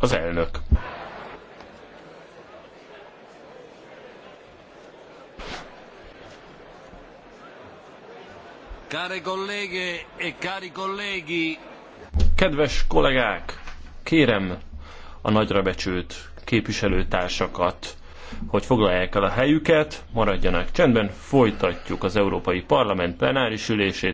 az elnök. e Kedves kollégák, kérem a nagyra becsült képviselőtársakat, hogy foglalják el a helyüket, maradjanak csendben, folytatjuk az Európai Parlament plenáris ülését.